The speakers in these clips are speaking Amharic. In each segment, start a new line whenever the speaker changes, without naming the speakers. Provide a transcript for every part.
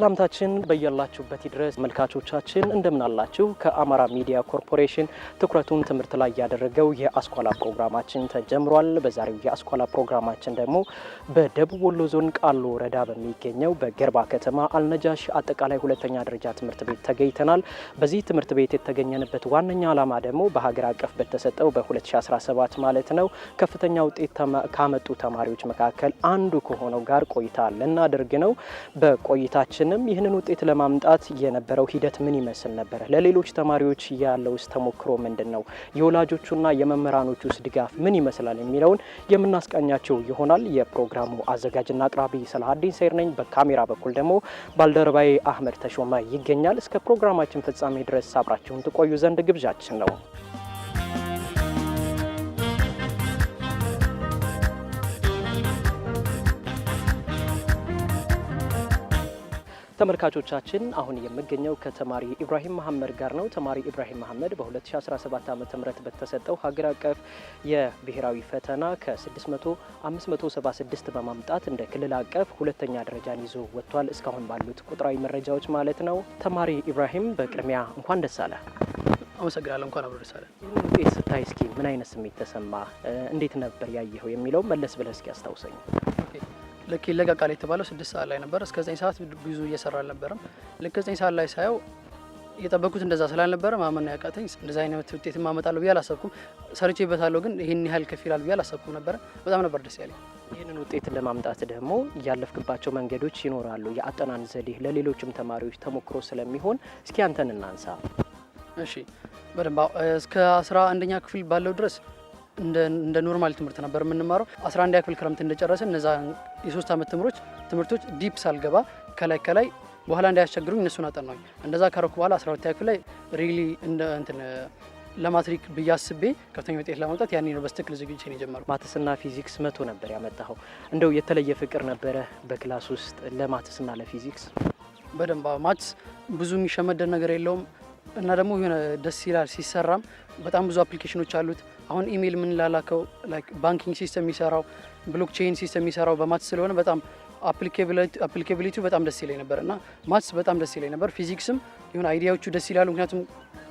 ሰላምታችን በያላችሁበት ድረስ መልካቾቻችን እንደምናላችሁ። ከአማራ ሚዲያ ኮርፖሬሽን ትኩረቱን ትምህርት ላይ ያደረገው የአስኳላ ፕሮግራማችን ተጀምሯል። በዛሬው የአስኳላ ፕሮግራማችን ደግሞ በደቡብ ወሎ ዞን ቃሉ ወረዳ በሚገኘው በገርባ ከተማ አልነጃሽ አጠቃላይ ሁለተኛ ደረጃ ትምህርት ቤት ተገኝተናል። በዚህ ትምህርት ቤት የተገኘንበት ዋነኛ ዓላማ ደግሞ በሀገር አቀፍ በተሰጠው በ2017 ማለት ነው ከፍተኛ ውጤት ካመጡ ተማሪዎች መካከል አንዱ ከሆነው ጋር ቆይታ ልናደርግ ነው። በቆይታችን ቢሆንም ይህንን ውጤት ለማምጣት የነበረው ሂደት ምን ይመስል ነበር? ለሌሎች ተማሪዎች ያለውስ ተሞክሮ ምንድን ነው? የወላጆቹና የመምህራኖቹ ውስጥ ድጋፍ ምን ይመስላል? የሚለውን የምናስቃኛቸው ይሆናል። የፕሮግራሙ አዘጋጅና አቅራቢ ሰላሀዲን ሰይር ነኝ። በካሜራ በኩል ደግሞ ባልደረባዬ አህመድ ተሾመ ይገኛል። እስከ ፕሮግራማችን ፍጻሜ ድረስ አብራችሁን ትቆዩ ዘንድ ግብዣችን ነው። ተመልካቾቻችን አሁን የምገኘው ከተማሪ ኢብራሂም መሀመድ ጋር ነው። ተማሪ ኢብራሂም መሀመድ በ2017 ዓ ም በተሰጠው ሀገር አቀፍ የብሔራዊ ፈተና ከ6576 በማምጣት እንደ ክልል አቀፍ ሁለተኛ ደረጃን ይዞ ወጥቷል። እስካሁን ባሉት ቁጥራዊ መረጃዎች ማለት ነው። ተማሪ ኢብራሂም በቅድሚያ እንኳን ደስ አለ።
አመሰግናለሁ። እንኳን አብሮ ደስ አለ። ይህን
ውጤት ስታይ እስኪ ምን አይነት ስሜት ተሰማ? እንዴት ነበር ያየኸው? የሚለው መለስ ብለህ እስኪ አስታውሰኝ።
ልክ ይለቀቃል የተባለው ስድስት ሰዓት ላይ ነበር። እስከ ዘጠኝ ሰዓት ብዙ እየሰራ አልነበረም። ልክ ዘጠኝ ሰዓት ላይ ሳየው የጠበኩት እንደዛ ስላልነበረ ማመን ያቃተኝ። እንደዚ አይነት ውጤት ማመጣለሁ ብዬ አላሰብኩም። ሰርቼበታለሁ፣ ግን ይህን ያህል ከፍ ይላል ብዬ አላሰብኩም ነበረ። በጣም ነበር ደስ ያለኝ።
ይህንን ውጤት ለማምጣት ደግሞ ያለፍክባቸው መንገዶች ይኖራሉ። የአጠናን ዘዴ ለሌሎችም ተማሪዎች ተሞክሮ ስለሚሆን እስኪ አንተን እናንሳ።
እሺ፣ በደንብ እስከ አስራ አንደኛ ክፍል ባለው ድረስ እንደ ኖርማል ትምህርት ነበር የምንማረው። 11 ያክፍል ክረምት እንደጨረስን እነዛ የሶስት ዓመት ትምህርቶች ትምህርቶች ዲፕ ሳልገባ ከላይ ከላይ በኋላ እንዳያስቸግሩኝ እነሱን አጠናኝ። እንደዛ ካረኩ በኋላ 12 ያክፍል ላይ ሪሊ እንትን ለማትሪክ ብዬ አስቤ ከፍተኛ ውጤት ለማምጣት ያን በስትክክል ዝግጅት ነው
ማትስና ፊዚክስ መቶ ነበር ያመጣኸው። እንደው የተለየ ፍቅር ነበረ በክላስ ውስጥ ለማትስና ለፊዚክስ?
በደንብ ማትስ ብዙ የሚሸመደን ነገር የለውም። እና ደግሞ የሆነ ደስ ይላል ሲሰራም በጣም ብዙ አፕሊኬሽኖች አሉት። አሁን ኢሜይል የምንላላከው ባንኪንግ ሲስተም የሚሰራው ብሎክቼን ሲስተም የሚሰራው በማት ስለሆነ በጣም አፕሊኬብሊቲው በጣም ደስ ይለኝ ነበር እና ማትስ በጣም ደስ ይለኝ ነበር። ፊዚክስም ይሁን አይዲያዎቹ ደስ ይላሉ። ምክንያቱም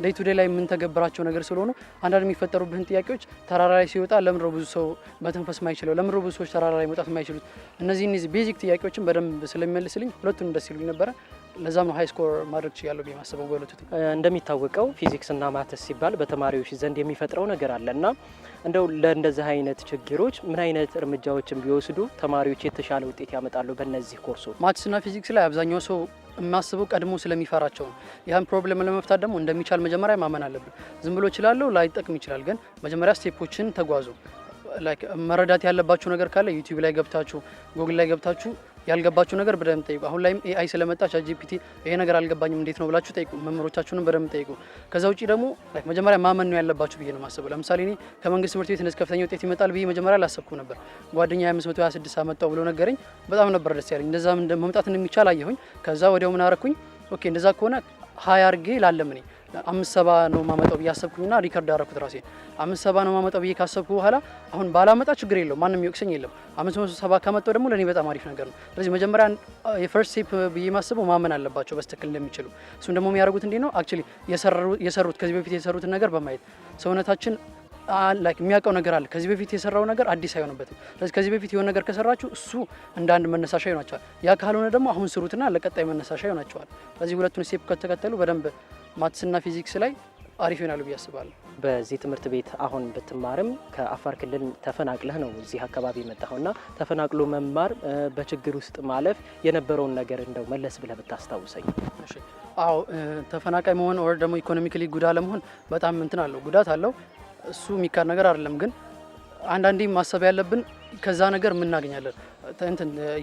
ዴይ ቱ ዴይ ላይ የምንተገብራቸው ነገር ስለሆኑ አንዳንድ የሚፈጠሩብህን ጥያቄዎች ተራራ ላይ ሲወጣ ለምድሮ ብዙ ሰው መተንፈስ ማይችለው ለምድሮ ብዙ ሰዎች ተራራ ላይ መውጣት ማይችሉት እነዚህ ኒዝ ቤዚክ ጥያቄዎችን በደንብ ስለሚመልስልኝ ሁለቱንም ደስ ይሉኝ ነበረ። ለዛም ነው ሃይስኮር ማድረግ ችያለሁ ብዬ ማሰበው።
እንደሚታወቀው ፊዚክስ እና ማትስ ሲባል በተማሪዎች ዘንድ የሚፈጥረው ነገር አለ እና እንደው ለእንደዚህ አይነት ችግሮች ምን አይነት እርምጃዎችን ቢወስዱ ተማሪዎች የተሻለ ውጤት ያመጣሉ? በእነዚህ ኮርሶ
ማትስ እና ፊዚክስ ላይ አብዛኛው ሰው የማስበው ቀድሞ ስለሚፈራቸው ነው። ይህን ፕሮብለም ለመፍታት ደግሞ እንደሚቻል መጀመሪያ ማመን አለብን። ዝም ብሎ እችላለሁ ላይጠቅም ይችላል፣ ግን መጀመሪያ ስቴፖችን ተጓዙ። መረዳት ያለባችሁ ነገር ካለ ዩቲዩብ ላይ ገብታችሁ ጉግል ላይ ገብታችሁ ያልገባችሁ ነገር በደንብ ጠይቁ። አሁን ላይም ኤአይ ስለመጣ ቻት ጂፒቲ ይሄ ነገር አልገባኝም እንዴት ነው ብላችሁ ጠይቁ። መምህሮቻችሁንም በደንብ ጠይቁ። ከዛ ውጪ ደግሞ መጀመሪያ ማመን ነው ያለባችሁ ብዬ ነው ማሰበው። ለምሳሌ እኔ ከመንግስት ትምህርት ቤት እንደዚህ ከፍተኛ ውጤት ይመጣል ብዬ መጀመሪያ አላሰብኩም ነበር። ጓደኛ 526 አመጣው ብሎ ነገረኝ። በጣም ነበር ደስ ያለኝ። እንደዛ መምጣት እንደሚቻል አየሁኝ። ከዛ ወዲያው ምን አረኩኝ? ኦኬ እንደዛ ከሆነ ሀያ አርጌ ላለምኔ አምስት ሰባ ነው ማመጣው ብዬ አሰብኩኝና ሪከርድ አደረኩት ራሴ። አምስት ሰባ ነው ማመጣው ብዬ ካሰብኩ በኋላ አሁን ባላመጣ ችግር የለው ማንም ይወቅሰኝ የለም። አምስት መቶ ሰባ ከመጣው ደግሞ ለእኔ በጣም አሪፍ ነገር ነው። ስለዚህ መጀመሪያ የፈርስት ስቴፕ ብዬ ማስበው ማመን አለባቸው በስተክል እንደሚችሉ። እሱም ደግሞ የሚያደርጉት እንዴት ነው አክቹሊ የሰሩት ከዚህ በፊት የሰሩትን ነገር በማየት ሰውነታችን ላይክ የሚያውቀው ነገር አለ። ከዚህ በፊት የሰራው ነገር አዲስ አይሆንበትም። ስለዚህ ከዚህ በፊት የሆነ ነገር ከሰራችሁ እሱ እንደ አንድ መነሳሻ ይሆናቸዋል። ያ ካልሆነ ደግሞ አሁን ስሩትና ለቀጣይ መነሳሻ ይሆናቸዋል። ስለዚህ ሁለቱን ስቴፕ ከተከተሉ በደንብ ማትስና ፊዚክስ ላይ አሪፍ ይሆናሉ ብዬ አስባለሁ።
በዚህ ትምህርት ቤት አሁን ብትማርም ከአፋር ክልል ተፈናቅለህ ነው እዚህ አካባቢ የመጣኸው ተፈናቅሎ መማር በችግር ውስጥ ማለፍ የነበረውን ነገር እንደው መለስ ብለህ ብታስታውሰኝ።
አዎ ተፈናቃይ መሆን ወር ደግሞ ኢኮኖሚካሊ ጉዳ ለመሆን በጣም እንትን አለው ጉዳት አለው። እሱ የሚካድ ነገር አይደለም። ግን አንዳንዴ ማሰብ ያለብን ከዛ ነገር የምናገኛለን።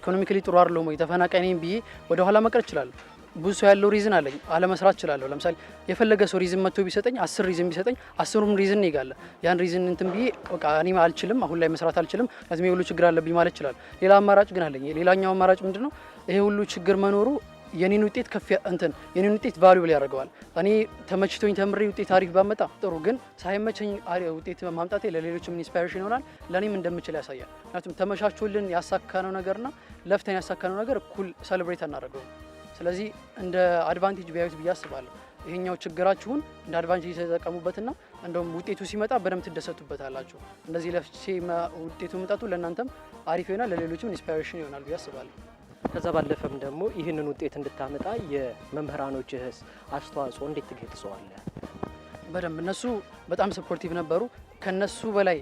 ኢኮኖሚካሊ ጥሩ አይደለሁም ወይ ተፈናቃይ ነኝ ብዬ ወደኋላ መቅረት እችላለሁ ብዙ ሰው ያለው ሪዝን አለኝ አለመስራት እችላለሁ። ለምሳሌ የፈለገ ሰው ሪዝን መጥቶ ቢሰጠኝ አስር ሪዝን ቢሰጠኝ አስሩም ሪዝን ይጋለ ያን ሪዝን እንትን ብዬ በቃ እኔ አልችልም አሁን ላይ መስራት አልችልም ከዚህ ሁሉ ችግር አለብኝ ማለት ይችላል። ሌላ አማራጭ ግን አለኝ። ሌላኛው አማራጭ ምንድነው? ይሄ ሁሉ ችግር መኖሩ የኔን ውጤት ከፍ እንትን የኔን ውጤት ቫሉብል ያደርገዋል። እኔ ተመችቶኝ ተምሬ ውጤት አሪፍ ባመጣ ጥሩ፣ ግን ሳይመቸኝ ውጤት ማምጣቴ ለሌሎችም ኢንስፓይሬሽን ይሆናል፣ ለእኔም እንደምችል ያሳያል። ምክንያቱም ተመቻችሁልን ያሳካነው ነገርና ለፍተን ያሳካነው ነገር እኩል ሰለብሬት አናደርገውም። ስለዚህ እንደ አድቫንቴጅ ቢያዩት ብዬ አስባለሁ። ይሄኛው ችግራችሁን እንደ አድቫንቴጅ የተጠቀሙበትና እንደውም ውጤቱ ሲመጣ በደንብ አላችሁ። እንደዚህ ለፍቼ ውጤቱ መምጣቱ ለእናንተም አሪፍ ይሆናል፣ ለሌሎችም ኢንስፓይሬሽን ይሆናል ብዬ አስባለሁ።
ከዛ ባለፈም ደግሞ ይህንን ውጤት እንድታመጣ የመምህራኖችህስ አስተዋጽኦ እንዴት ትገልጸዋለህ?
በደንብ እነሱ በጣም ሰፖርቲቭ ነበሩ። ከነሱ በላይ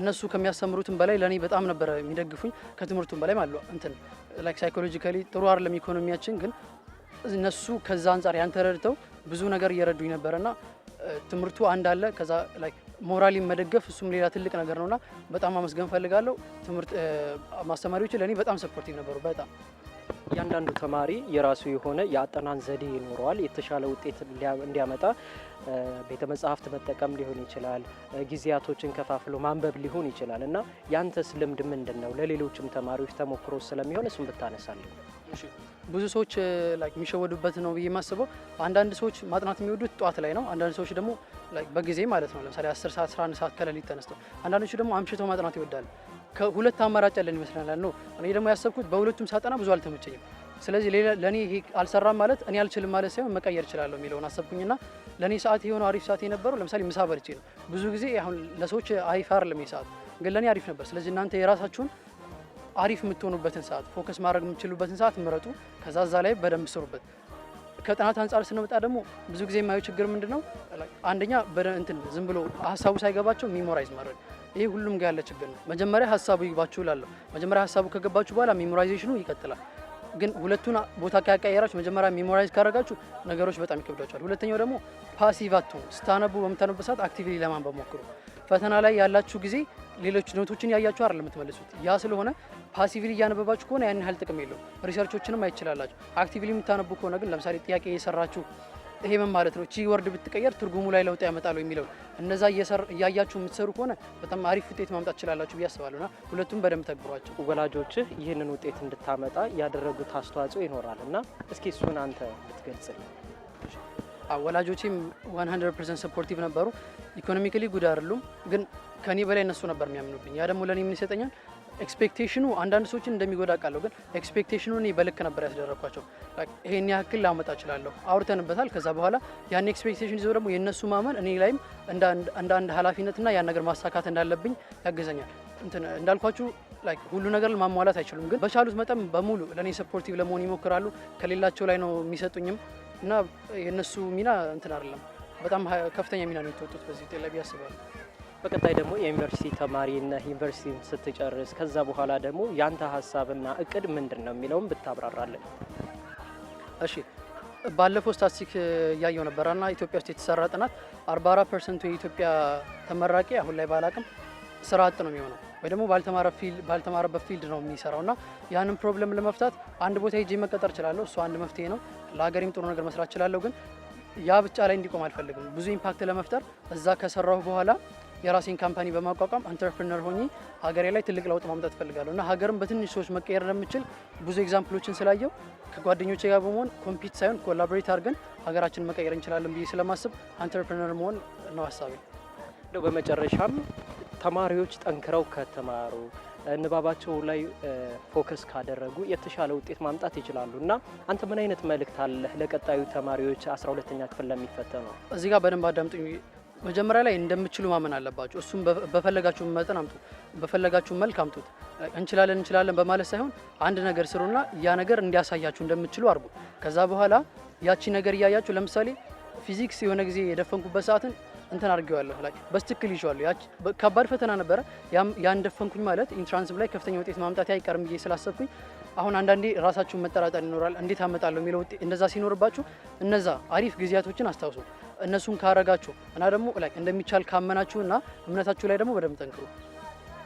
እነሱ ከሚያስተምሩትም በላይ ለእኔ በጣም ነበረ የሚደግፉኝ ከትምህርቱም በላይ ማለት እንትን ላይክ ሳይኮሎጂካሊ ጥሩ አይደለም ኢኮኖሚያችን፣ ግን እነሱ ከዛ አንጻር ያን ተረድተው ብዙ ነገር እየረዱኝ ነበረና ትምህርቱ አንድ አለ። ከዛ ላይክ ሞራሊ መደገፍ እሱም ሌላ ትልቅ ነገር ነውና በጣም አመስገን ፈልጋለሁ። ትምህርት ማስተማሪዎች ለእኔ በጣም ሰፖርቲቭ ነበሩ በጣም
እያንዳንዱ ተማሪ የራሱ የሆነ የአጠናን ዘዴ ይኖረዋል። የተሻለ ውጤት እንዲያመጣ ቤተ መጽሐፍት መጠቀም ሊሆን ይችላል። ጊዜያቶችን ከፋፍሎ ማንበብ ሊሆን ይችላል እና ያንተስ ልምድ ምንድን ነው? ለሌሎችም ተማሪዎች ተሞክሮ ስለሚሆን እሱን ብታነሳለን።
ብዙ ሰዎች የሚሸወዱበት ነው ብዬ የማስበው አንዳንድ ሰዎች ማጥናት የሚወዱት ጠዋት ላይ ነው። አንዳንድ ሰዎች ደግሞ በጊዜ ማለት ነው ለምሳሌ 10 ሰዓት 11 ሰዓት ከሌሊት ተነስተው፣ አንዳንዶቹ ደግሞ አምሽተው ማጥናት ይወዳሉ። ከሁለት አማራጭ ያለን ይመስለናል ነው። እኔ ደግሞ ያሰብኩት በሁለቱም ሳጠና ብዙ አልተመቸኝም። ስለዚህ ሌላ ለእኔ ይሄ አልሰራም ማለት እኔ አልችልም ማለት ሳይሆን መቀየር እችላለሁ የሚለውን አሰብኩኝና ለእኔ ሰዓት የሆነው አሪፍ ሰዓት የነበረው ለምሳሌ ምሳ በልቼ ነው። ብዙ ጊዜ አሁን ለሰዎች አሪፍ አይደለም ሰዓት፣ ግን ለእኔ አሪፍ ነበር። ስለዚህ እናንተ የራሳችሁን አሪፍ የምትሆኑበትን ሰዓት ፎከስ ማድረግ የምትችሉበትን ሰዓት ምረጡ። ከዛ ላይ በደንብ ስሩበት። ከጥናት አንጻር ስንመጣ ደግሞ ብዙ ጊዜ የማየው ችግር ምንድን ነው? አንደኛ እንትን ዝም ብሎ ሀሳቡ ሳይገባቸው ሚሞራይዝ ማድረግ ይሄ ሁሉም ጋር ያለ ችግር ነው። መጀመሪያ ሀሳቡ ይግባችሁ እላለሁ። መጀመሪያ ሀሳቡ ከገባችሁ በኋላ ሜሞራይዜሽኑ ይቀጥላል። ግን ሁለቱን ቦታ ካቀየራችሁ መጀመሪያ ሜሞራይዝ ካደረጋችሁ ነገሮች በጣም ይከብዳችኋል። ሁለተኛው ደግሞ ፓሲቭ አትሆኑ። ስታነቡ በምታነቡበት ሰዓት አክቲቭሊ ለማንበብ ሞክሩ። ፈተና ላይ ያላችሁ ጊዜ ሌሎች ኖቶችን ያያችሁ አይደለም የምትመልሱት። ያ ስለሆነ ፓሲቭሊ እያነበባችሁ ከሆነ ያን ያህል ጥቅም የለውም። ሪሰርቾችንም አይችላላችሁ። አክቲቪሊ የምታነቡ ከሆነ ግን ለምሳሌ ጥያቄ እየሰራችሁ ይሄ ምን ማለት ነው፣ እቺ ወርድ ብትቀየር ትርጉሙ ላይ ለውጥ ያመጣሉ የሚለው እነዛ እያያችሁ የምትሰሩ ከሆነ በጣም አሪፍ ውጤት ማምጣት ትችላላችሁ ብዬ ና ሁለቱም በደንብ ተግብሯቸው።
ወላጆች ይህንን ውጤት እንድታመጣ ያደረጉት አስተዋጽኦ ይኖራል እና እስኪ እሱን አንተ ብትገልጽልኝ።
ወላጆቼም 100% ሰፖርቲቭ ነበሩ። ኢኮኖሚካሊ ጉድ አይደሉም፣ ግን ከኔ በላይ እነሱ ነበር የሚያምኑብኝ። ያ ደግሞ ለእኔ ምን ይሰጠኛል ኤክስፔክቴሽኑ አንዳንድ ሰዎችን እንደሚጎዳ ቃለሁ፣ ግን ኤክስፔክቴሽኑ እኔ በልክ ነበር ያስደረግኳቸው። ይሄን ያክል ላመጣ እችላለሁ አውርተንበታል። ከዛ በኋላ ያን ኤክስፔክቴሽን ይዘው ደግሞ የእነሱ ማመን እኔ ላይም እንደ አንድ ኃላፊነትና ያን ነገር ማሳካት እንዳለብኝ ያግዘኛል። እንዳልኳችሁ ሁሉ ነገር ማሟላት አይችሉም፣ ግን በቻሉት መጠን በሙሉ ለእኔ ሰፖርቲቭ ለመሆን ይሞክራሉ። ከሌላቸው ላይ ነው የሚሰጡኝም እና የእነሱ ሚና እንትን አይደለም፣ በጣም ከፍተኛ ሚና ነው የተወጡት በዚህ ጤለቢ ያስባሉ።
በቀጣይ ደግሞ የዩኒቨርሲቲ ተማሪና ዩኒቨርሲቲ ስትጨርስ ከዛ በኋላ ደግሞ ያንተ ሀሳብና እቅድ ምንድን ነው የሚለውም ብታብራራለን።
እሺ፣ ባለፈው ስታስቲክ እያየው ነበረና ኢትዮጵያ ውስጥ የተሰራ ጥናት 44 ፐርሰንቱ የኢትዮጵያ ተመራቂ አሁን ላይ ባላቅም ስራ አጥ ነው የሚሆነው ወይ ደግሞ ባልተማረበት ፊልድ ነው የሚሰራው እና ያንን ፕሮብለም ለመፍታት አንድ ቦታ ሄጄ መቀጠር እችላለሁ። እሱ አንድ መፍትሄ ነው። ለሀገሬም ጥሩ ነገር መስራት እችላለሁ። ግን ያ ብቻ ላይ እንዲቆም አልፈልግም። ብዙ ኢምፓክት ለመፍጠር እዛ ከሰራሁ በኋላ የራሴን ካምፓኒ በማቋቋም አንትረፕርነር ሆኜ ሀገሬ ላይ ትልቅ ለውጥ ማምጣት እፈልጋለሁ እና ሀገርም በትንሽ ሰዎች መቀየር እንደምችል ብዙ ኤግዛምፕሎችን ስላየው ከጓደኞቼ ጋር በመሆን ኮምፒት ሳይሆን ኮላቦሬት አድርገን ሀገራችን መቀየር እንችላለን ብዬ ስለማስብ አንትረፕርነር መሆን ነው ሀሳቤ።
እንደው በመጨረሻም ተማሪዎች ጠንክረው ከተማሩ ንባባቸው ላይ ፎከስ ካደረጉ የተሻለ ውጤት ማምጣት ይችላሉ እና አንተ ምን አይነት መልእክት አለህ ለቀጣዩ ተማሪዎች 12ኛ ክፍል ለሚፈተኑ?
እዚህ ጋር በደንብ አዳምጡኝ። መጀመሪያ ላይ እንደምችሉ ማመን አለባችሁ። እሱም በፈለጋችሁ መጠን አምጡት፣ በፈለጋችሁ መልክ አምጡት። እንችላለን እንችላለን በማለት ሳይሆን አንድ ነገር ስሩና ያ ነገር እንዲያሳያችሁ እንደምችሉ አርጉ። ከዛ በኋላ ያቺ ነገር እያያችሁ ለምሳሌ ፊዚክስ የሆነ ጊዜ የደፈንኩበት ሰዓትን እንትን አድርጌዋለሁ ላይ በስትክል ይዤዋለሁ። ከባድ ፈተና ነበረ። ያን ደፈንኩኝ ማለት ኢንትራንስም ላይ ከፍተኛ ውጤት ማምጣት አይቀርም ብዬ ስላሰብኩኝ አሁን አንዳንዴ ራሳችሁን መጠራጠር ይኖራል። እንዴት አመጣለሁ የሚለው እንደዛ ሲኖርባችሁ እነዛ አሪፍ ጊዜያቶችን አስታውሱ። እነሱን ካረጋችሁ እና ደግሞ ላይ እንደሚቻል ካመናችሁ እና እምነታችሁ ላይ ደግሞ በደንብ ጠንክሩ።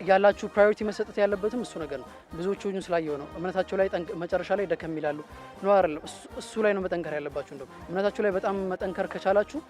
ያላችሁ ፕራዮሪቲ መሰጠት ያለበትም እሱ ነገር ነው። ብዙዎቹ ስላየው ነው እምነታቸው ላይ መጨረሻ ላይ ደከም ይላሉ። ኖ አይደለም፣ እሱ ላይ ነው መጠንከር ያለባችሁ። እንደውም እምነታችሁ ላይ በጣም መጠንከር ከቻላችሁ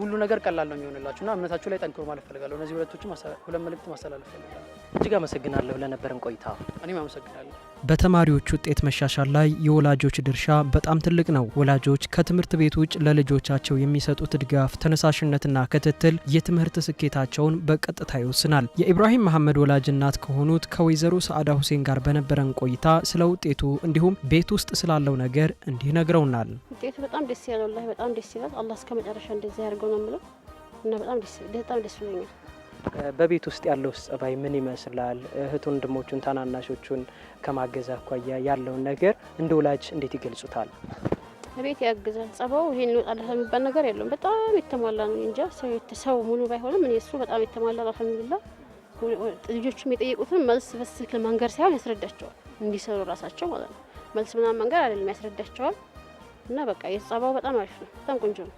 ሁሉ ነገር ቀላል ነው የሚሆንላችሁ እና እምነታችሁ ላይ ጠንክሩ ማለት ፈልጋለሁ። እነዚህ ሁለቶችም ሁለት መልእክት ማስተላለፍ ፈልጋለሁ።
እጅግ አመሰግናለሁ ለነበረን ቆይታ።
እኔም አመሰግናለሁ።
በተማሪዎች ውጤት መሻሻል ላይ የወላጆች ድርሻ በጣም ትልቅ ነው። ወላጆች ከትምህርት ቤት ውጭ ለልጆቻቸው የሚሰጡት ድጋፍ፣ ተነሳሽነትና ክትትል የትምህርት ስኬታቸውን በቀጥታ ይወስናል። የኢብራሂም መሐመድ ወላጅ እናት ከሆኑት ከወይዘሮ ሰዓዳ ሁሴን ጋር በነበረን ቆይታ ስለ ውጤቱ እንዲሁም ቤት ውስጥ ስላለው ነገር እንዲህ ነግረውናል።
ውጤቱ በጣም ደስ ያለው በጣም ደስ ይላል። አላህ እስከ መጨረሻ እንደዚህ ያደርገው ነው የምለው እና በጣም ደስ ብሎኛል።
በቤት ውስጥ ያለው ጸባይ ምን ይመስላል፣ እህት ወንድሞቹን ታናናሾቹን ከማገዝ አኳያ ያለውን ነገር እንደ ወላጅ እንዴት ይገልጹታል?
ቤት ያግዛል። ጸባው ይህን ይወጣል የሚባል ነገር የለውም። በጣም የተሟላ ነው። እንጃ ሰው ሙሉ ባይሆንም እሱ በጣም የተሟላ አልሐምዱሊላህ። ልጆቹም የጠየቁትን መልስ በስልክ መንገድ ሳይሆን ያስረዳቸዋል፣ እንዲሰሩ ራሳቸው ማለት ነው። መልስ ምናምን መንገድ አይደለም፣ ያስረዳቸዋል እና በቃ የጸባው በጣም አሪፍ ነው። በጣም ቆንጆ ነው።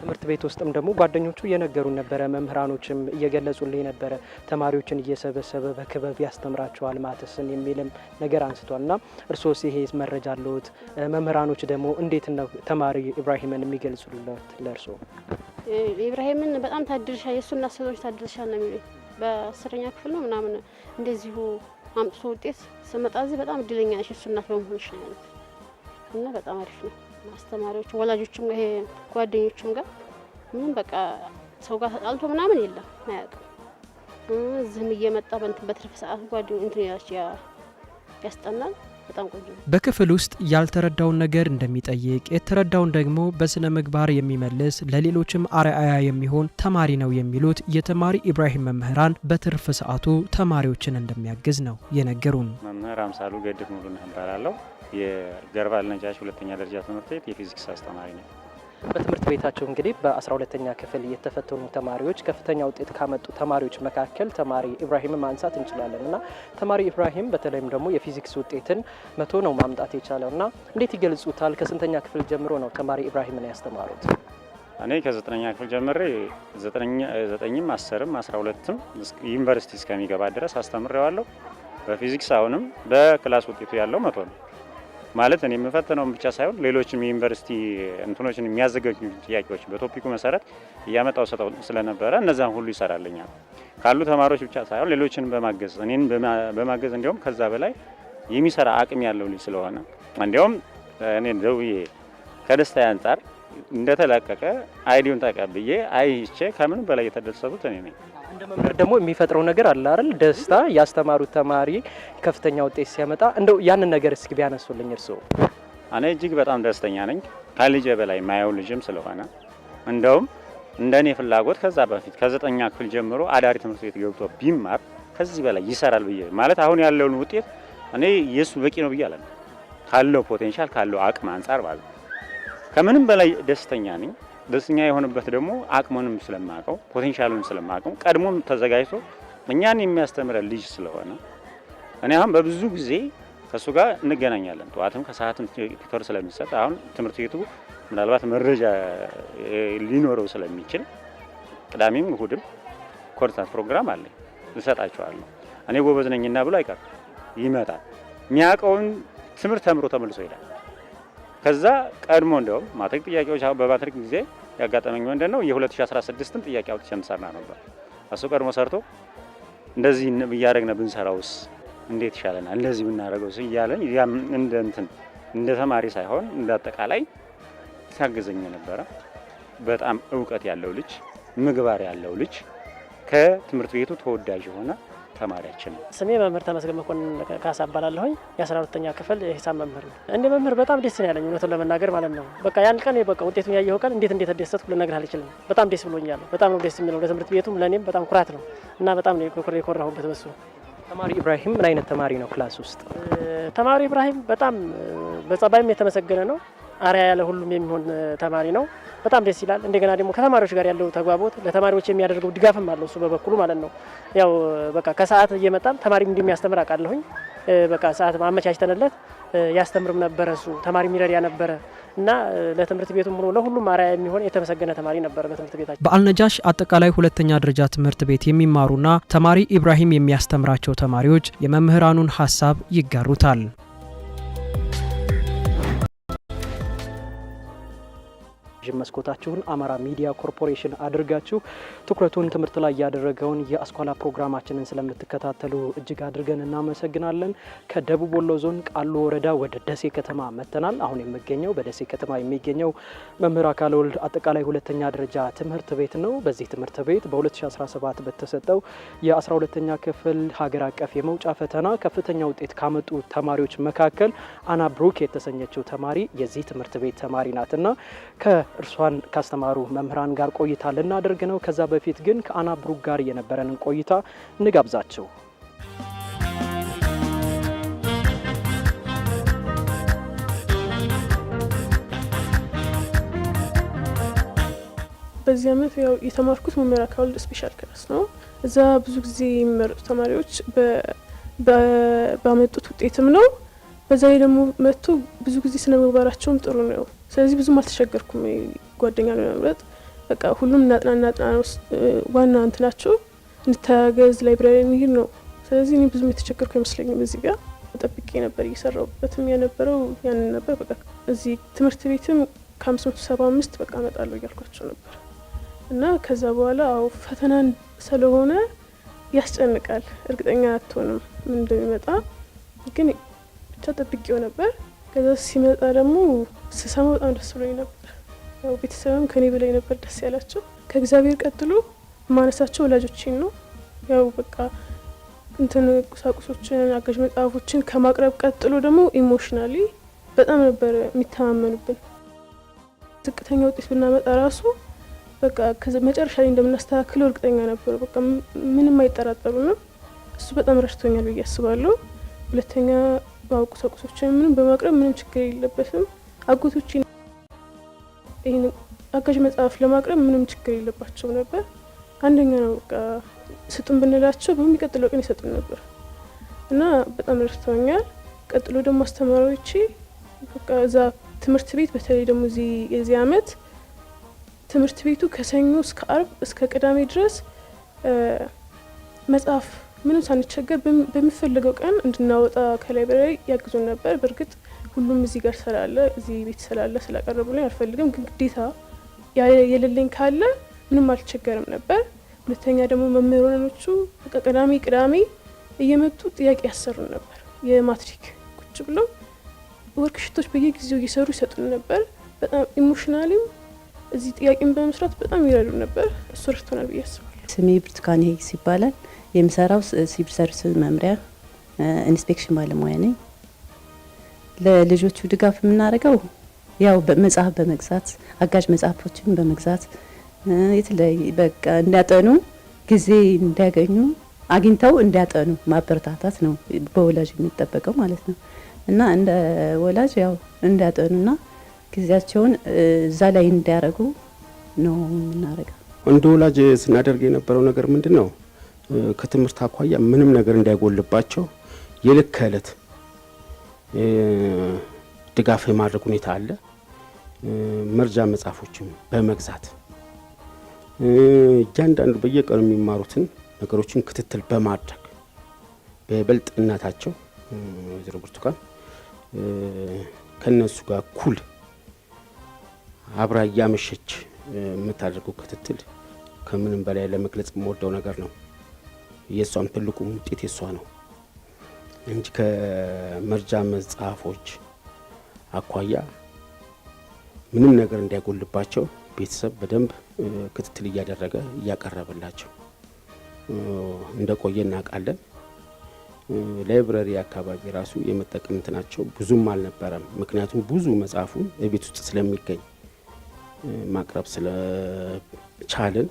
ትምህርት ቤት ውስጥም ደግሞ ጓደኞቹ እየነገሩን ነበረ፣ መምህራኖችም እየገለጹልኝ ነበረ። ተማሪዎችን እየሰበሰበ በክበብ ያስተምራቸዋል ማትስን የሚልም ነገር አንስቷል። እና እርሶስ ይሄ መረጃ አለዎት? መምህራኖች ደግሞ እንዴት ነው ተማሪ ኢብራሂምን የሚገልጹለት ለእርሶ?
ኢብራሂምን በጣም ታድርሻ፣ የእሱና ሰዎች ታድርሻ ነው የሚሉኝ። በአስረኛ ክፍል ነው ምናምን እንደዚሁ አምጥቶ ውጤት ስመጣ እዚህ በጣም እድለኛ ነሽ፣ እሱ እናት በመሆንሽ ነው ያሉት እና በጣም አሪፍ ነው። አስተማሪዎች፣ ወላጆችም ይሄ ጓደኞችም ጋር ምንም በቃ ሰው ጋር ተጣልቶ ምናምን የለም አያውቅም። እዚህም እየመጣ በንት በትርፍ ሰዓት ጓደኞች እንትን ያስጠናል።
በክፍል ውስጥ ያልተረዳውን ነገር እንደሚጠይቅ የተረዳውን ደግሞ በስነ ምግባር የሚመልስ ለሌሎችም አርአያ የሚሆን ተማሪ ነው የሚሉት የተማሪ ኢብራሂም መምህራን በትርፍ ሰዓቱ ተማሪዎችን እንደሚያግዝ ነው የነገሩን።
መምህር አምሳሉ ገድፍ ሙሉ እባላለሁ። የገርባል ነጃሽ ሁለተኛ ደረጃ ትምህርት ቤት የፊዚክስ አስተማሪ ነው።
በትምህርት ቤታቸው እንግዲህ በ12ተኛ ክፍል የተፈተኑ ተማሪዎች ከፍተኛ ውጤት ካመጡ ተማሪዎች መካከል ተማሪ ኢብራሂም ማንሳት እንችላለን እና ተማሪ ኢብራሂም በተለይም ደግሞ የፊዚክስ ውጤትን መቶ ነው ማምጣት የቻለው እና እንዴት ይገልጹታል? ከስንተኛ ክፍል ጀምሮ ነው ተማሪ ኢብራሂምን ያስተማሩት?
እኔ ከዘጠነኛ ክፍል ጀምሬ ዘጠኝም አስርም አስራ ሁለትም ዩኒቨርሲቲ እስከሚገባ ድረስ አስተምሬዋለሁ። በፊዚክስ አሁንም በክላስ ውጤቱ ያለው መቶ ነው። ማለት እኔ የምፈተነውን ብቻ ሳይሆን ሌሎችም የዩኒቨርሲቲ እንትኖችን የሚያዘጋጁ ጥያቄዎች በቶፒኩ መሰረት እያመጣው ሰጠው ስለነበረ እነዛን ሁሉ ይሰራልኛል። ካሉ ተማሪዎች ብቻ ሳይሆን ሌሎችን በማገዝ እኔን በማገዝ እንዲሁም ከዛ በላይ የሚሰራ አቅም ያለው ልጅ ስለሆነ እንዲሁም እኔ ደውዬ ከደስታ አንጻር እንደተለቀቀ አይዲውን ተቀብዬ አይቼ ከምን በላይ የተደሰቱት እኔ ነኝ።
እንደ መምህር ደግሞ የሚፈጥረው ነገር አለ አይደል? ደስታ ያስተማሩት ተማሪ ከፍተኛ ውጤት ሲያመጣ እንደው ያንን ነገር እስኪ ቢያነሱልኝ እርስዎ።
እኔ እጅግ በጣም ደስተኛ ነኝ። ከልጄ በላይ ማየው ልጅም ስለሆነ እንደውም እንደ እኔ ፍላጎት ከዛ በፊት ከዘጠኛ ክፍል ጀምሮ አዳሪ ትምህርት ቤት ገብቶ ቢማር ከዚህ በላይ ይሰራል ብዬ ማለት አሁን ያለውን ውጤት እኔ የእሱ በቂ ነው ብዬ አለ ካለው ፖቴንሻል ካለው አቅም አንጻር ማለት ከምንም በላይ ደስተኛ ነኝ። ደስተኛ የሆነበት ደግሞ አቅሙንም ስለማቀው ፖቴንሻሉን ስለማቀው ቀድሞም ተዘጋጅቶ እኛን የሚያስተምረ ልጅ ስለሆነ እኔ አሁን በብዙ ጊዜ ከእሱ ጋር እንገናኛለን። ጠዋትም ከሰዓትም ፒቶር ስለሚሰጥ አሁን ትምህርት ቤቱ ምናልባት መረጃ ሊኖረው ስለሚችል ቅዳሜም እሁድም ኮንሰርት ፕሮግራም አለ እሰጣቸዋለሁ። እኔ ጎበዝ ነኝና ብሎ አይቀርም፣ ይመጣል። የሚያውቀውን ትምህርት ተምሮ ተመልሶ ይሄዳል። ከዛ ቀድሞ እንደውም ማትሪክ ጥያቄዎች አሁን በማትሪክ ጊዜ ያጋጠመኝ ምንድን ነው የ 2016 ን ጥያቄ አውጥቼ የምሰራ ነበር። እሱ ቀድሞ ሰርቶ እንደዚህ እያደረግነ ብንሰራውስ እንዴት ይሻለናል እንደዚህ ብናደረገው እያለኝ እንደ እንትን እንደ ተማሪ ሳይሆን እንደ አጠቃላይ ሲያግዘኝ ነበረ። በጣም እውቀት ያለው ልጅ፣ ምግባር ያለው ልጅ፣ ከትምህርት ቤቱ ተወዳጅ የሆነ ተማሪያችን ነው።
ስሜ መምህር ተመስገን መኮንን ካሳ እባላለሁኝ። የአስራ ሁለተኛ ክፍል የሂሳብ መምህር ነው። እንደ መምህር በጣም ደስ ነው ያለኝ እውነቱን ለመናገር ማለት ነው። በቃ ያን ቀን በቃ ውጤቱን ያየው ቀን እንዴት እንደተደሰትኩ ልነግርህ አልችልም። በጣም ደስ ብሎኛል። በጣም ነው ደስ የሚለው ለትምህርት ቤቱም ለእኔም በጣም ኩራት ነው እና በጣም ነው የኮራሁበት በሱ
ተማሪ ኢብራሂም ምን አይነት ተማሪ ነው? ክላስ ውስጥ
ተማሪ ኢብራሂም በጣም በጸባይም የተመሰገነ ነው። ያለ ሁሉም የሚሆን ተማሪ ነው። በጣም ደስ ይላል። እንደገና ደግሞ ከተማሪዎች ጋር ያለው ተግባቦት፣ ለተማሪዎች የሚያደርገው ድጋፍም አለው እሱ በበኩሉ ማለት ነው። ያው በቃ ከሰዓት እየመጣም ተማሪም እንደሚያስተምር አውቃለሁኝ። በቃ ሰዓት አመቻችተንለት ያስተምርም ነበረ እሱ ተማሪ የሚረዳ ነበረ እና ለትምህርት ቤቱ ሙሉ ለሁሉም አርአያ የሚሆን የተመሰገነ ተማሪ ነበረ በትምህርት ቤታቸው
በአልነጃሽ አጠቃላይ ሁለተኛ ደረጃ ትምህርት ቤት የሚማሩና ተማሪ ኢብራሂም የሚያስተምራቸው ተማሪዎች የመምህራኑን ሀሳብ ይጋሩታል። የቴሌቪዥን መስኮታችሁን አማራ ሚዲያ ኮርፖሬሽን አድርጋችሁ ትኩረቱን ትምህርት ላይ ያደረገውን የአስኳላ ፕሮግራማችንን ስለምትከታተሉ እጅግ አድርገን እናመሰግናለን። ከደቡብ ወሎ ዞን ቃሉ ወረዳ ወደ ደሴ ከተማ መጥተናል። አሁን የሚገኘው በደሴ ከተማ የሚገኘው መምህር አካለ ወልድ አጠቃላይ ሁለተኛ ደረጃ ትምህርት ቤት ነው። በዚህ ትምህርት ቤት በ2017 በተሰጠው የ12ኛ ክፍል ሀገር አቀፍ የመውጫ ፈተና ከፍተኛ ውጤት ካመጡ ተማሪዎች መካከል አና ብሩክ የተሰኘችው ተማሪ የዚህ ትምህርት ቤት ተማሪ ናትና እርሷን ካስተማሩ መምህራን ጋር ቆይታ ልናደርግ ነው። ከዛ በፊት ግን ከአና ብሩክ ጋር የነበረንን ቆይታ እንጋብዛቸው
በዚህ አመት ያው የተማርኩት መመሪያ ካወልድ ስፔሻል ክላስ ነው። እዛ ብዙ ጊዜ የሚመረጡ ተማሪዎች ባመጡት ውጤትም ነው። በዛ ላይ ደግሞ መጥቶ ብዙ ጊዜ ስነ ምግባራቸውም ጥሩ ነው። ስለዚህ ብዙም አልተቸገርኩም። ጓደኛ ለመምረጥ በቃ ሁሉም እናጥና እናጥና ዋና እንትናቸው እንድታገዝ ላይብራሪ የሚሄድ ነው። ስለዚህ እኔ ብዙም የተቸገርኩ አይመስለኝም። እዚህ ጋር ጠብቄ ነበር እየሰራሁበትም የነበረው ያንን ነበር። በቃ እዚህ ትምህርት ቤትም ከአምስት መቶ ሰባ አምስት በቃ እመጣለሁ እያልኳቸው ነበር እና ከዛ በኋላ አው ፈተናን ስለሆነ ያስጨንቃል። እርግጠኛ አትሆንም ምን እንደሚመጣ ግን ብቻ ጠብቄው ነበር። ከዛ ሲመጣ ደግሞ ስሰማ በጣም ደስ ብሎኝ ነበር። ያው ቤተሰብም ከኔ በላይ ነበር ደስ ያላቸው። ከእግዚአብሔር ቀጥሎ ማነሳቸው ወላጆችን ነው። ያው በቃ እንትን ቁሳቁሶችን፣ አጋዥ መጽሐፎችን ከማቅረብ ቀጥሎ ደግሞ ኢሞሽናሊ በጣም ነበር የሚተማመኑብን። ዝቅተኛ ውጤት ብናመጣ ራሱ በቃ መጨረሻ ላይ እንደምናስተካክለው እርግጠኛ ነበሩ። በቃ ምንም አይጠራጠሩንም። እሱ በጣም ረድቶኛል ብዬ አስባለሁ። ሁለተኛ ቁሳቁሶችን ምንም በማቅረብ ምንም ችግር የለበትም። አጎቶች ይህን አጋዥ መጽሐፍ ለማቅረብ ምንም ችግር የለባቸው ነበር። አንደኛ ነው በቃ ስጡን ብንላቸው በሚቀጥለው ቀን ይሰጡን ነበር እና በጣም ረድተውኛል። ቀጥሎ ደግሞ አስተማሪዎች በቃ እዛ ትምህርት ቤት በተለይ ደግሞ እዚህ የዚህ አመት ትምህርት ቤቱ ከሰኞ እስከ አርብ እስከ ቅዳሜ ድረስ መጽሐፍ ምንም ሳንቸገር በሚፈልገው ቀን እንድናወጣ ከላይብረሪ ያግዙን ነበር። በእርግጥ ሁሉም እዚህ ጋር ስላለ እዚህ ቤት ስላለ ላይ አልፈልግም፣ ግን ግዴታ የሌለኝ ካለ ምንም አልቸገርም ነበር። ሁለተኛ ደግሞ መምህራኖቹ በቃ ቅዳሜ ቅዳሜ እየመጡ ጥያቄ ያሰሩን ነበር። የማትሪክ ቁጭ ብለው ወርክሽቶች በየጊዜው እየሰሩ ይሰጡን ነበር። በጣም ኢሞሽናሊም እዚህ ጥያቄን በመስራት በጣም ይረዱ ነበር። እሱ ረድቶናል ብዬ አስባለሁ።
ስሜ ብርቱካን ሄግስ ይባላል። የምሰራው ሲቪል ሰርቪስ መምሪያ ኢንስፔክሽን ባለሙያ ነኝ። ለልጆቹ ድጋፍ የምናደርገው ያው መጽሐፍ በመግዛት አጋዥ መጽሐፎችን በመግዛት የተለያየ በቃ እንዲያጠኑ ጊዜ እንዲያገኙ አግኝተው እንዲያጠኑ ማበረታታት ነው በወላጅ የሚጠበቀው ማለት ነው። እና እንደ ወላጅ ያው እንዲያጠኑና ጊዜያቸውን እዛ ላይ እንዲያደርጉ ነው የምናደርገው።
እንደ ወላጅ ስናደርግ የነበረው ነገር ምንድን ነው? ከትምህርት አኳያ ምንም ነገር እንዳይጎልባቸው የልክ ከዕለት ድጋፍ የማድረግ ሁኔታ አለ። መርጃ መጽሐፎችን በመግዛት እያንዳንዱ በየቀኑ የሚማሩትን ነገሮችን ክትትል በማድረግ በበልጥ እናታቸው ወይዘሮ ብርቱካን ከነሱ ጋር እኩል አብራ እያመሸች የምታደርገው ክትትል ከምንም በላይ ለመግለጽ የምወደው ነገር ነው። የእሷም ትልቁ ውጤት የእሷ ነው እንጂ ከመርጃ መጽሐፎች አኳያ ምንም ነገር እንዳይጎልባቸው ቤተሰብ በደንብ ክትትል እያደረገ እያቀረበላቸው እንደቆየ እናውቃለን። ላይብረሪ አካባቢ ራሱ የመጠቀም እንትናቸው ብዙም አልነበረም። ምክንያቱም ብዙ መጽሐፉ ቤት ውስጥ ስለሚገኝ ማቅረብ ስለቻልን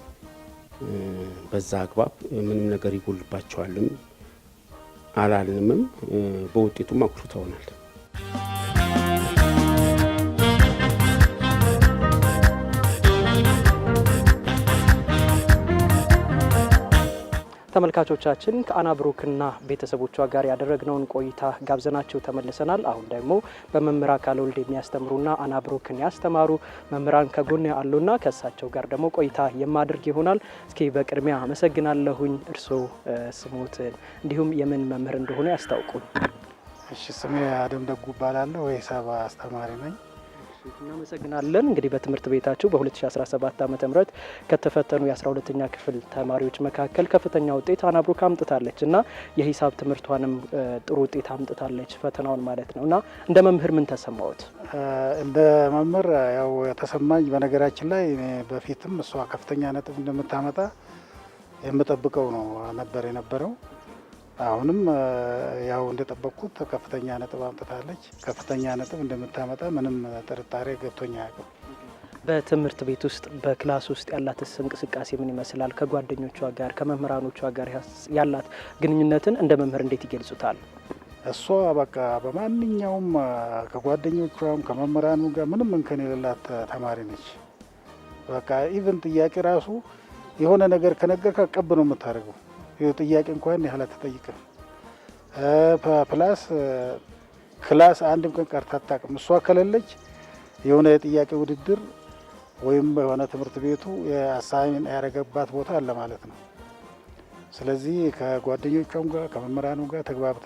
በዛ አግባብ ምንም ነገር ይጎልባቸዋልም አላልንምም። በውጤቱም አኩርተውናል።
ተመልካቾቻችን ከአና ብሩክና ቤተሰቦቿ ጋር ያደረግነውን ቆይታ ጋብዘናቸው ተመልሰናል። አሁን ደግሞ በመምህር አካል ወልድ የሚያስተምሩና አና ብሩክን ያስተማሩ መምህራን ከጎን አሉና ከእሳቸው ጋር ደግሞ ቆይታ የማድርግ ይሆናል። እስኪ በቅድሚያ አመሰግናለሁኝ። እርስዎ ስሞትን እንዲሁም የምን መምህር እንደሆነ ያስታውቁን።
እሺ፣ ስሜ አደም ደጉ እባላለሁ። የሂሳብ አስተማሪ ነኝ።
እናመሰግናለን። እንግዲህ በትምህርት ቤታችሁ በ2017 ዓ ም ከተፈተኑ የ12ኛ ክፍል ተማሪዎች መካከል ከፍተኛ ውጤት አናብሩክ አምጥታለች እና የሂሳብ ትምህርቷንም ጥሩ ውጤት አምጥታለች ፈተናውን ማለት ነው እና እንደ መምህር ምን ተሰማዎት?
እንደ መምህር ያው ተሰማኝ በነገራችን ላይ በፊትም እሷ ከፍተኛ ነጥብ እንደምታመጣ የምጠብቀው ነው ነበር የነበረው አሁንም ያው እንደጠበቅኩት ከፍተኛ ነጥብ አምጥታለች። ከፍተኛ ነጥብ እንደምታመጣ ምንም ጥርጣሬ ገብቶኛ ያውቅም።
በትምህርት ቤት ውስጥ በክላስ ውስጥ ያላትስ እንቅስቃሴ ምን ይመስላል? ከጓደኞቿ ጋር ከመምህራኖቿ ጋር ያላት ግንኙነትን እንደ መምህር እንዴት ይገልጹታል?
እሷ በቃ በማንኛውም ከጓደኞቿም ከመምህራኑ ጋር ምንም እንከን የሌላት ተማሪ ነች። በቃ ኢቨን ጥያቄ ራሱ የሆነ ነገር ከነገር ከቀብ ነው የምታደርገው ጥያቄ እንኳን ያህል አትጠይቅም። ፕላስ ክላስ አንድም ቀን ቀርታ አታውቅም። እሷ ከሌለች የሆነ የጥያቄ ውድድር ወይም የሆነ ትምህርት ቤቱ የአሳይን ያደረገባት ቦታ አለ ማለት ነው። ስለዚህ ከጓደኞቿም ጋር ከመምህራኑ ጋር ተግባብታ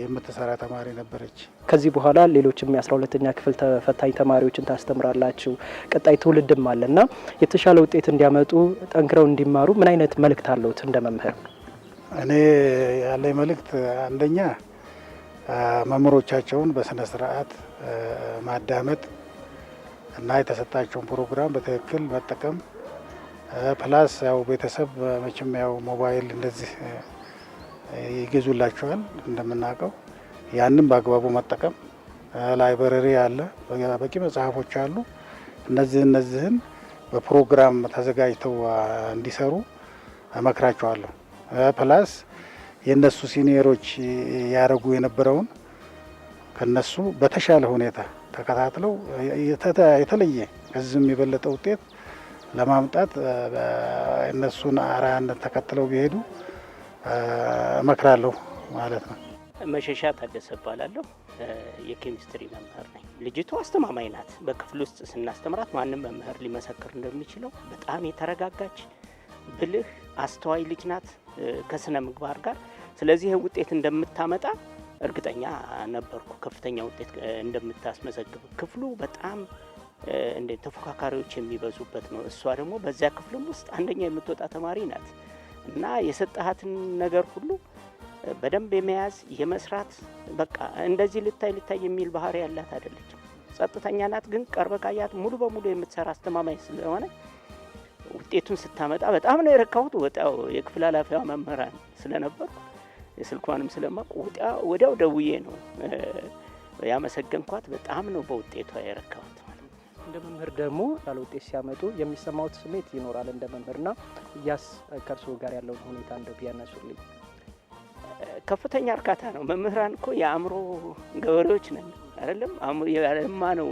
የምትሰራ ተማሪ ነበረች።
ከዚህ በኋላ ሌሎችም የአስራ ሁለተኛ ክፍል ተፈታኝ ተማሪዎችን ታስተምራላችሁ። ቀጣይ ትውልድም አለና የተሻለ ውጤት እንዲያመጡ ጠንክረው እንዲማሩ ምን አይነት መልእክት አለውት እንደ መምህር?
እኔ ያለኝ መልእክት አንደኛ መምህሮቻቸውን በስነ ስርዓት ማዳመጥ እና የተሰጣቸውን ፕሮግራም በትክክል መጠቀም ፕላስ ያው ቤተሰብ መቼም ያው ሞባይል እንደዚህ ይገዙላቸዋል። እንደምናውቀው ያንን በአግባቡ መጠቀም ላይብረሪ አለ፣ በቂ መጽሐፎች አሉ። እነዚህ እነዚህን በፕሮግራም ተዘጋጅተው እንዲሰሩ እመክራቸዋለሁ። ፕላስ የእነሱ ሲኒየሮች ያደረጉ የነበረውን ከነሱ በተሻለ ሁኔታ ተከታትለው የተለየ ከዚህም የበለጠ ውጤት ለማምጣት እነሱን አርአያነት ተከትለው ቢሄዱ እመክራለሁ ማለት ነው።
መሸሻ ታደሰ እባላለሁ። የኬሚስትሪ መምህር ነኝ። ልጅቱ አስተማማኝ ናት። በክፍል ውስጥ ስናስተምራት ማንም መምህር ሊመሰክር እንደሚችለው በጣም የተረጋጋች ብልህ፣ አስተዋይ ልጅ ናት ከስነ ምግባር ጋር። ስለዚህ ውጤት እንደምታመጣ እርግጠኛ ነበርኩ። ከፍተኛ ውጤት እንደምታስመዘግብ ክፍሉ በጣም እንደ ተፎካካሪዎች የሚበዙበት ነው። እሷ ደግሞ በዚያ ክፍልም ውስጥ አንደኛ የምትወጣ ተማሪ ናት። እና የሰጠሃትን ነገር ሁሉ በደንብ የመያዝ የመስራት በቃ እንደዚህ ልታይ ልታይ የሚል ባህሪ ያላት አይደለችም። ጸጥተኛ ናት፣ ግን ቀርበ ካያት ሙሉ በሙሉ የምትሰራ አስተማማኝ ስለሆነ ውጤቱን ስታመጣ በጣም ነው የረካሁት። ወጣው የክፍል ኃላፊዋ መምህራን ስለነበርኩ የስልኳንም ስለማቅ ወዲያው ደውዬ ነው ያመሰገንኳት። በጣም ነው በውጤቷ የረካሁት።
እንደ መምህር ደግሞ ያለ ውጤት ሲያመጡ የሚሰማውት ስሜት ይኖራል። እንደ መምህርና እያስ ከእርስዎ ጋር ያለውን ሁኔታ እንደ ቢያነሱልኝ።
ከፍተኛ እርካታ ነው። መምህራን እኮ የአእምሮ ገበሬዎች ነን አይደለም? ያለማ ነው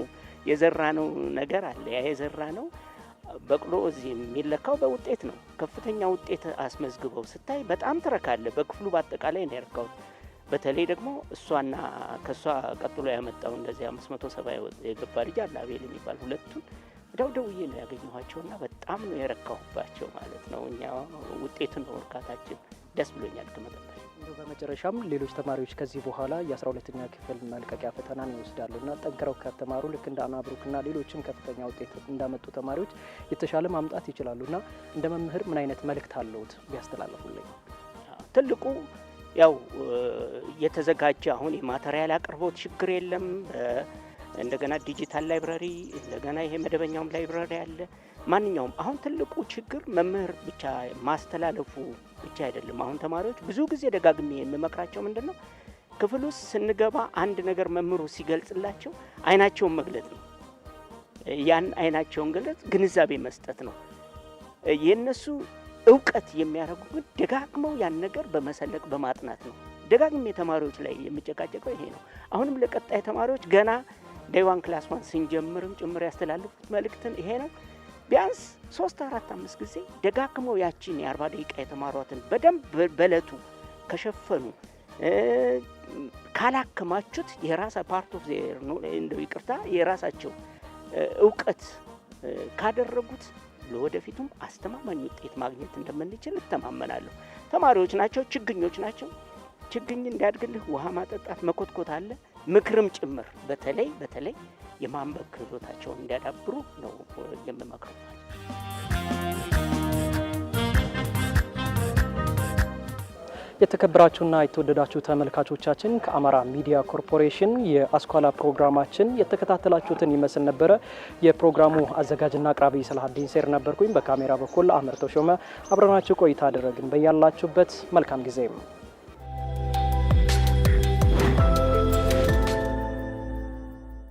የዘራ ነው ነገር አለ። ያ የዘራ ነው በቅሎ እዚህ የሚለካው በውጤት ነው። ከፍተኛ ውጤት አስመዝግበው ስታይ በጣም ትረካለህ። በክፍሉ በአጠቃላይ ነው ያረካሁት። በተለይ ደግሞ እሷና ከእሷ ቀጥሎ ያመጣው እንደዚህ አምስት መቶ ሰባ የገባ ልጅ አለ አቤል የሚባል ሁለቱን ወዲያው ደውዬ ነው ያገኘኋቸውና በጣም ነው የረካሁባቸው ማለት ነው። እኛ ውጤቱን በመርካታችን ደስ ብሎኛል ከመጠበቅ
በመጨረሻም ሌሎች ተማሪዎች ከዚህ በኋላ የአስራ ሁለተኛ ክፍል መልቀቂያ ፈተናን ይወስዳሉ እና ጠንክረው ከተማሩ ልክ እንደ አናብሩክና ሌሎችም ከፍተኛ ውጤት እንዳመጡ ተማሪዎች የተሻለ ማምጣት ይችላሉ እና እንደ መምህር ምን አይነት መልእክት አለውት ቢያስተላለፉልኝ
ትልቁ ያው የተዘጋጀ አሁን የማተሪያል አቅርቦት ችግር የለም። እንደገና ዲጂታል ላይብራሪ እንደገና ይሄ መደበኛውም ላይብራሪ አለ። ማንኛውም አሁን ትልቁ ችግር መምህር ብቻ ማስተላለፉ ብቻ አይደለም። አሁን ተማሪዎች ብዙ ጊዜ ደጋግሜ የምመክራቸው ምንድን ነው ክፍል ውስጥ ስንገባ አንድ ነገር መምህሩ ሲገልጽላቸው አይናቸውን መግለጥ ነው። ያን አይናቸውን ገለጽ ግንዛቤ መስጠት ነው የእነሱ እውቀት የሚያደርጉ ግን ደጋግመው ያን ነገር በመሰለቅ በማጥናት ነው። ደጋግሜ ተማሪዎች ላይ የሚጨቃጨቀው ይሄ ነው። አሁንም ለቀጣይ ተማሪዎች ገና ዳይዋን ክላስ ዋን ስንጀምርም ጭምር ያስተላልፉት መልእክትን ይሄ ነው። ቢያንስ ሶስት አራት አምስት ጊዜ ደጋግመው ያቺን የአርባ ደቂቃ የተማሯትን በደንብ በለቱ ከሸፈኑ ካላከማቹት የራሳ ፓርት ኦፍ እንደው ይቅርታ የራሳቸው እውቀት ካደረጉት ለወደፊቱም አስተማማኝ ውጤት ማግኘት እንደምንችል እተማመናለሁ። ተማሪዎች ናቸው፣ ችግኞች ናቸው። ችግኝ እንዲያድግልህ ውሃ ማጠጣት መኮትኮት አለ፣ ምክርም ጭምር በተለይ በተለይ የማንበብ ክህሎታቸውን እንዲያዳብሩ ነው የምመክረው።
የተከበራችሁና የተወደዳችሁ ተመልካቾቻችን ከአማራ ሚዲያ ኮርፖሬሽን የአስኳላ ፕሮግራማችን የተከታተላችሁትን ይመስል ነበረ። የፕሮግራሙ አዘጋጅና አቅራቢ ሰላሀዲን ሴር ነበርኩኝ። በካሜራ በኩል አምርቶ ሾመ አብረናችሁ ቆይታ አደረግን። በያላችሁበት መልካም ጊዜ